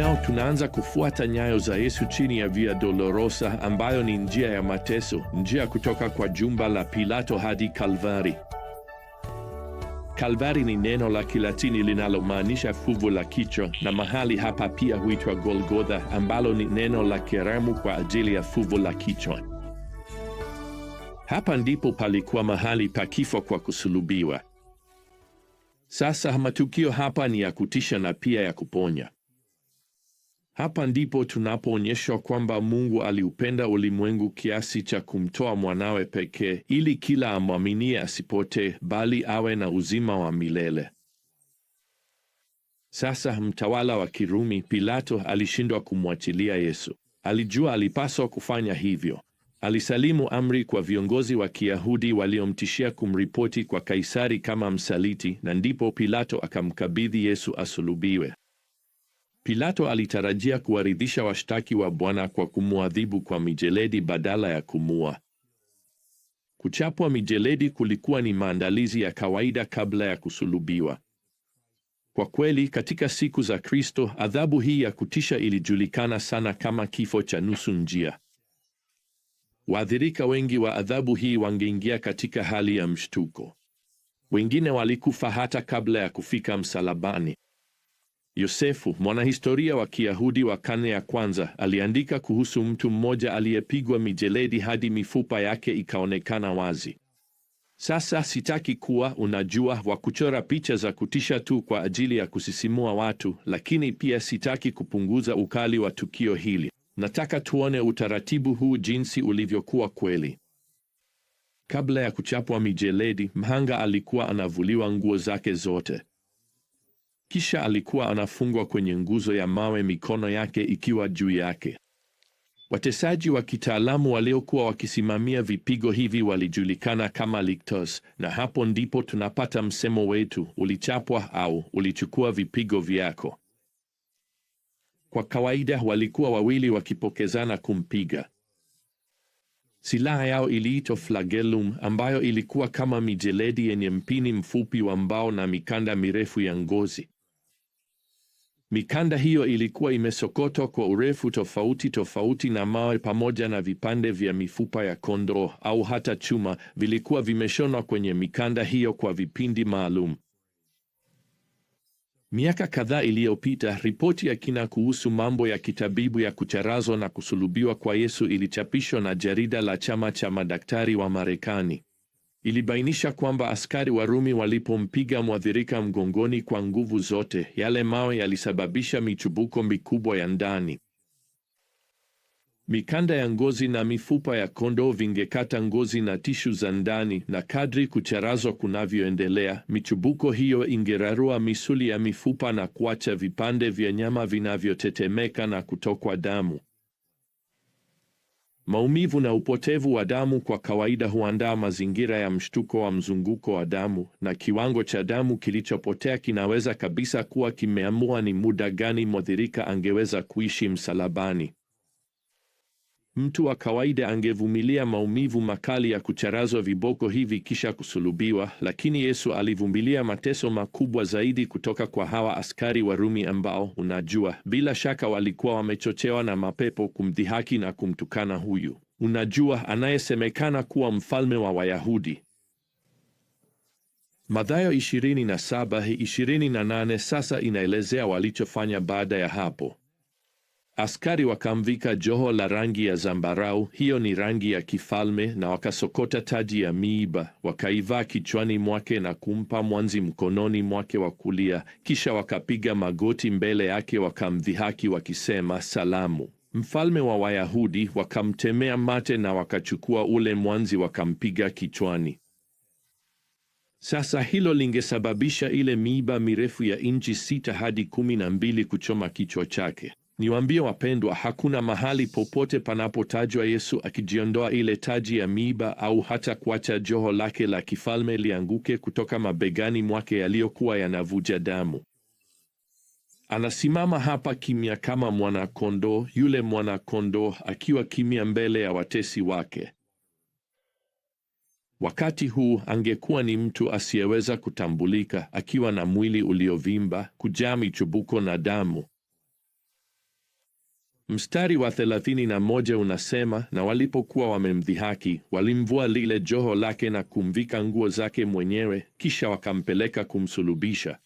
Leo tunaanza kufuata nyayo za Yesu chini ya Via Dolorosa ambayo ni njia ya mateso, njia kutoka kwa jumba la Pilato hadi Kalvari. Kalvari ni neno la Kilatini linalomaanisha fuvu la kichwa, na mahali hapa pia huitwa Golgotha ambalo ni neno la Kiaramu kwa ajili ya fuvu la kichwa. Hapa ndipo palikuwa mahali pa kifo kwa kusulubiwa. Sasa matukio hapa ni ya kutisha na pia ya kuponya. Hapa ndipo tunapoonyeshwa kwamba Mungu aliupenda ulimwengu kiasi cha kumtoa mwanawe pekee, ili kila amwaminie asipotee, bali awe na uzima wa milele. Sasa mtawala wa Kirumi Pilato alishindwa kumwachilia Yesu. Alijua alipaswa kufanya hivyo. Alisalimu amri kwa viongozi wa Kiyahudi waliomtishia kumripoti kwa Kaisari kama msaliti, na ndipo Pilato akamkabidhi Yesu asulubiwe. Pilato alitarajia kuwaridhisha washtaki wa Bwana kwa kumwadhibu kwa mijeledi badala ya kumua. Kuchapwa mijeledi kulikuwa ni maandalizi ya kawaida kabla ya kusulubiwa. Kwa kweli, katika siku za Kristo, adhabu hii ya kutisha ilijulikana sana kama kifo cha nusu njia. Waathirika wengi wa adhabu hii wangeingia katika hali ya mshtuko. Wengine walikufa hata kabla ya kufika msalabani. Yosefu, mwanahistoria wa Kiyahudi wa karne ya kwanza, aliandika kuhusu mtu mmoja aliyepigwa mijeledi hadi mifupa yake ikaonekana wazi. Sasa sitaki kuwa, unajua, wa kuchora picha za kutisha tu kwa ajili ya kusisimua watu, lakini pia sitaki kupunguza ukali wa tukio hili. Nataka tuone utaratibu huu jinsi ulivyokuwa kweli. Kabla ya kuchapwa mijeledi, mhanga alikuwa anavuliwa nguo zake zote. Kisha alikuwa anafungwa kwenye nguzo ya mawe, mikono yake ikiwa juu yake. Watesaji wa kitaalamu waliokuwa wakisimamia vipigo hivi walijulikana kama lictors, na hapo ndipo tunapata msemo wetu ulichapwa au ulichukua vipigo vyako. Kwa kawaida walikuwa wawili wakipokezana kumpiga. Silaha yao iliitwa flagellum, ambayo ilikuwa kama mijeledi yenye mpini mfupi wa mbao na mikanda mirefu ya ngozi. Mikanda hiyo ilikuwa imesokotwa kwa urefu tofauti tofauti, na mawe pamoja na vipande vya mifupa ya kondoo au hata chuma vilikuwa vimeshonwa kwenye mikanda hiyo kwa vipindi maalum. Miaka kadhaa iliyopita, ripoti ya kina kuhusu mambo ya kitabibu ya kucharazwa na kusulubiwa kwa Yesu ilichapishwa na jarida la chama cha madaktari wa Marekani ilibainisha kwamba askari Warumi walipompiga mwathirika mgongoni kwa nguvu zote, yale mawe yalisababisha michubuko mikubwa ya ndani. Mikanda ya ngozi na mifupa ya kondoo vingekata ngozi na tishu za ndani, na kadri kucharazwa kunavyoendelea, michubuko hiyo ingerarua misuli ya mifupa na kuacha vipande vya nyama vinavyotetemeka na kutokwa damu. Maumivu na upotevu wa damu kwa kawaida huandaa mazingira ya mshtuko wa mzunguko wa damu, na kiwango cha damu kilichopotea kinaweza kabisa kuwa kimeamua ni muda gani mwathirika angeweza kuishi msalabani. Mtu wa kawaida angevumilia maumivu makali ya kucharazwa viboko hivi kisha kusulubiwa, lakini Yesu alivumilia mateso makubwa zaidi kutoka kwa hawa askari Warumi ambao, unajua, bila shaka walikuwa wamechochewa na mapepo kumdhihaki na kumtukana huyu, unajua, anayesemekana kuwa mfalme wa Wayahudi. Mathayo 27:28 sasa inaelezea walichofanya baada ya hapo. Askari wakamvika joho la rangi ya zambarau, hiyo ni rangi ya kifalme, na wakasokota taji ya miiba, wakaivaa kichwani mwake na kumpa mwanzi mkononi mwake wa kulia. Kisha wakapiga magoti mbele yake, wakamdhihaki wakisema, Salamu, mfalme wa Wayahudi. Wakamtemea mate na wakachukua ule mwanzi wakampiga kichwani. Sasa hilo lingesababisha ile miiba mirefu ya inchi sita hadi kumi na mbili kuchoma kichwa chake. Niwaambie wapendwa, hakuna mahali popote panapotajwa Yesu akijiondoa ile taji ya miiba au hata kuacha joho lake la kifalme lianguke kutoka mabegani mwake yaliyokuwa yanavuja damu. Anasimama hapa kimya kama mwanakondoo, yule mwanakondoo akiwa kimya mbele ya watesi wake. Wakati huu angekuwa ni mtu asiyeweza kutambulika, akiwa na mwili uliovimba, kujaa michubuko na damu. Mstari wa thelathini na moja unasema, na walipokuwa wamemdhihaki walimvua lile joho lake na kumvika nguo zake mwenyewe, kisha wakampeleka kumsulubisha.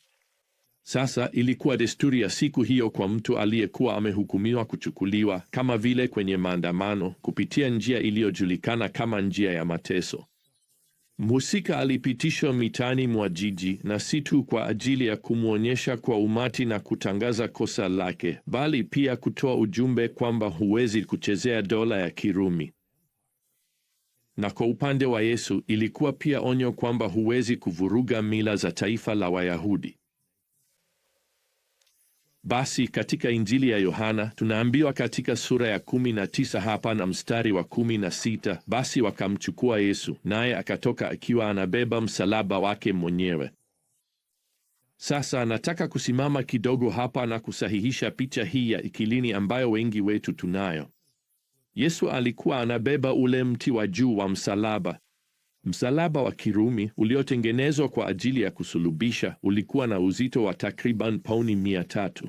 Sasa ilikuwa desturi ya siku hiyo kwa mtu aliyekuwa amehukumiwa kuchukuliwa, kama vile kwenye maandamano, kupitia njia iliyojulikana kama njia ya mateso. Musika alipitishwa mitani mwa jiji, na si tu kwa ajili ya kumwonyesha kwa umati na kutangaza kosa lake, bali pia kutoa ujumbe kwamba huwezi kuchezea dola ya Kirumi. Na kwa upande wa Yesu, ilikuwa pia onyo kwamba huwezi kuvuruga mila za taifa la Wayahudi. Basi katika Injili ya Yohana tunaambiwa katika sura ya kumi na tisa hapa na mstari wa kumi na sita basi wakamchukua Yesu naye akatoka akiwa anabeba msalaba wake mwenyewe. Sasa anataka kusimama kidogo hapa na kusahihisha picha hii ya ikilini ambayo wengi wetu tunayo. Yesu alikuwa anabeba ule mti wa juu wa msalaba. Msalaba wa Kirumi uliotengenezwa kwa ajili ya kusulubisha ulikuwa na uzito wa takriban pauni mia tatu.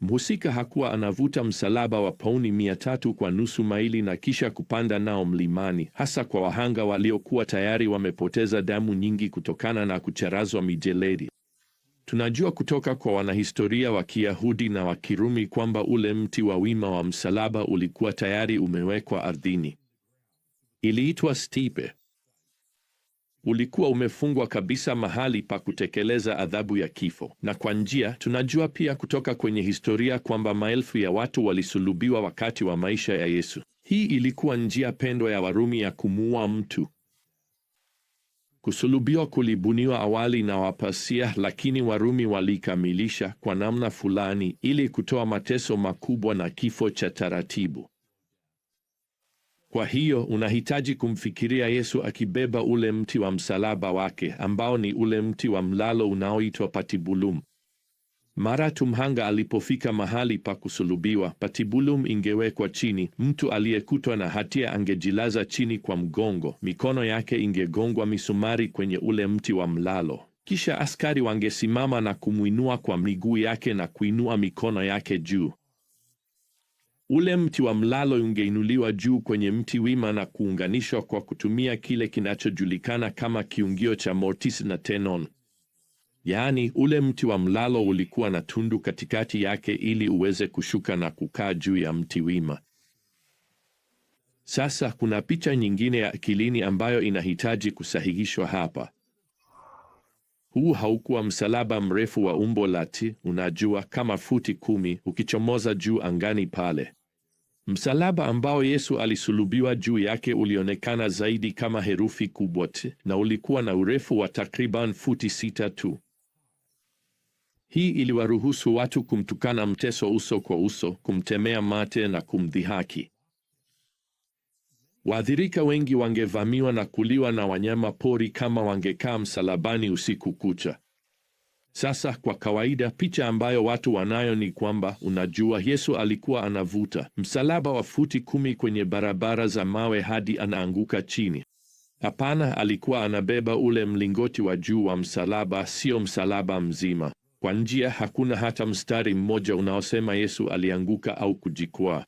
Mhusika hakuwa anavuta msalaba wa pauni mia tatu kwa nusu maili na kisha kupanda nao mlimani, hasa kwa wahanga waliokuwa tayari wamepoteza damu nyingi kutokana na kucharazwa mijeledi. Tunajua kutoka kwa wanahistoria wa Kiyahudi na wa Kirumi kwamba ule mti wa wima wa msalaba ulikuwa tayari umewekwa ardhini. Iliitwa stipe ulikuwa umefungwa kabisa mahali pa kutekeleza adhabu ya kifo. Na kwa njia, tunajua pia kutoka kwenye historia kwamba maelfu ya watu walisulubiwa wakati wa maisha ya Yesu. Hii ilikuwa njia pendwa ya Warumi ya kumuua mtu. Kusulubiwa kulibuniwa awali na Wapasia, lakini Warumi walikamilisha kwa namna fulani ili kutoa mateso makubwa na kifo cha taratibu. Kwa hiyo unahitaji kumfikiria Yesu akibeba ule mti wa msalaba wake ambao ni ule mti wa mlalo unaoitwa patibulum. Mara tu mhanga alipofika mahali pa kusulubiwa, patibulum ingewekwa chini. Mtu aliyekutwa na hatia angejilaza chini kwa mgongo, mikono yake ingegongwa misumari kwenye ule mti wa mlalo, kisha askari wangesimama na kumwinua kwa miguu yake na kuinua mikono yake juu. Ule mti wa mlalo ungeinuliwa juu kwenye mti wima na kuunganishwa kwa kutumia kile kinachojulikana kama kiungio cha mortise na tenon. Yaani, ule mti wa mlalo ulikuwa na tundu katikati yake ili uweze kushuka na kukaa juu ya mti wima. Sasa kuna picha nyingine ya akilini ambayo inahitaji kusahihishwa hapa. Huu haukuwa msalaba mrefu wa umbo la T, unajua, kama futi kumi ukichomoza juu angani pale. Msalaba ambao Yesu alisulubiwa juu yake ulionekana zaidi kama herufi kubwa T na ulikuwa na urefu wa takriban futi sita tu. Hii iliwaruhusu watu kumtukana mteso uso kwa uso, kumtemea mate na kumdhihaki. Waathirika wengi wangevamiwa na kuliwa na wanyama pori kama wangekaa msalabani usiku kucha. Sasa kwa kawaida picha ambayo watu wanayo ni kwamba, unajua, Yesu alikuwa anavuta msalaba wa futi kumi kwenye barabara za mawe hadi anaanguka chini. Hapana, alikuwa anabeba ule mlingoti wa juu wa msalaba, sio msalaba mzima. Kwa njia, hakuna hata mstari mmoja unaosema Yesu alianguka au kujikwaa.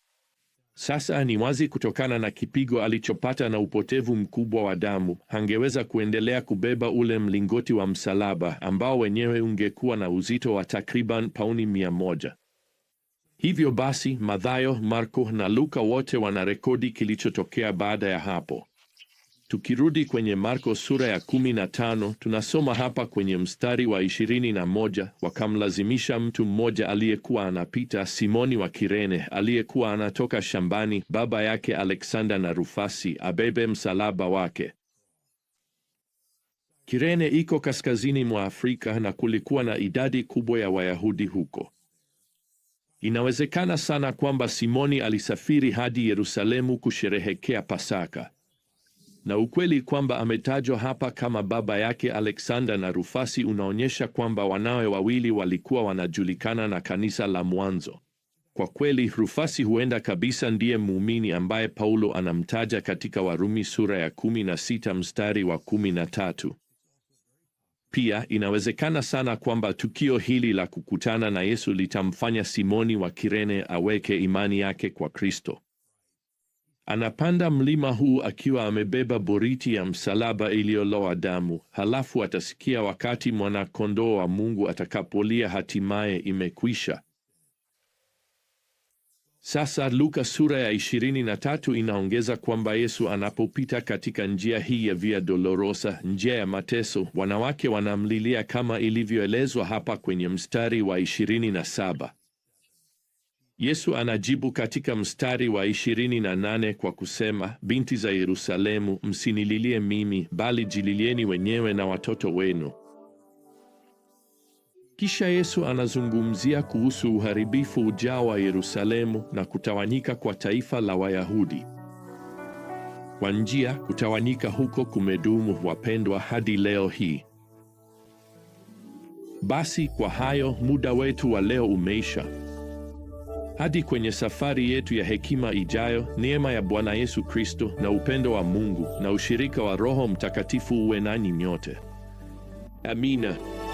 Sasa ni wazi kutokana na kipigo alichopata na upotevu mkubwa wa damu, hangeweza kuendelea kubeba ule mlingoti wa msalaba ambao wenyewe ungekuwa na uzito wa takriban pauni mia moja. Hivyo basi, Mathayo, Marko na Luka wote wana rekodi kilichotokea baada ya hapo. Tukirudi kwenye Marko sura ya kumi na tano tunasoma hapa kwenye mstari wa ishirini na moja wakamlazimisha mtu mmoja aliyekuwa anapita, Simoni wa Kirene, aliyekuwa anatoka shambani, baba yake Aleksanda na Rufasi, abebe msalaba wake. Kirene iko kaskazini mwa Afrika na kulikuwa na idadi kubwa ya Wayahudi huko. Inawezekana sana kwamba Simoni alisafiri hadi Yerusalemu kusherehekea Pasaka na ukweli kwamba ametajwa hapa kama baba yake aleksanda na Rufasi unaonyesha kwamba wanawe wawili walikuwa wanajulikana na kanisa la mwanzo. Kwa kweli, Rufasi huenda kabisa ndiye muumini ambaye Paulo anamtaja katika Warumi sura ya 16 mstari wa 13. Pia inawezekana sana kwamba tukio hili la kukutana na Yesu litamfanya Simoni wa Kirene aweke imani yake kwa Kristo. Anapanda mlima huu akiwa amebeba boriti ya msalaba iliyoloa damu, halafu atasikia wakati mwanakondoo wa Mungu atakapolia, hatimaye imekwisha. Sasa Luka sura ya 23 inaongeza kwamba Yesu anapopita katika njia hii ya Via Dolorosa, njia ya mateso, wanawake wanamlilia kama ilivyoelezwa hapa kwenye mstari wa 27. Yesu anajibu katika mstari wa 28 kwa kusema, binti za Yerusalemu, msinililie mimi, bali jililieni wenyewe na watoto wenu. Kisha Yesu anazungumzia kuhusu uharibifu ujao wa Yerusalemu na kutawanyika kwa taifa la Wayahudi. Kwa njia, kutawanyika huko kumedumu, wapendwa, hadi leo hii. Basi kwa hayo, muda wetu wa leo umeisha. Hadi kwenye safari yetu ya hekima ijayo, neema ya Bwana Yesu Kristo na upendo wa Mungu na ushirika wa Roho Mtakatifu uwe nanyi nyote. Amina.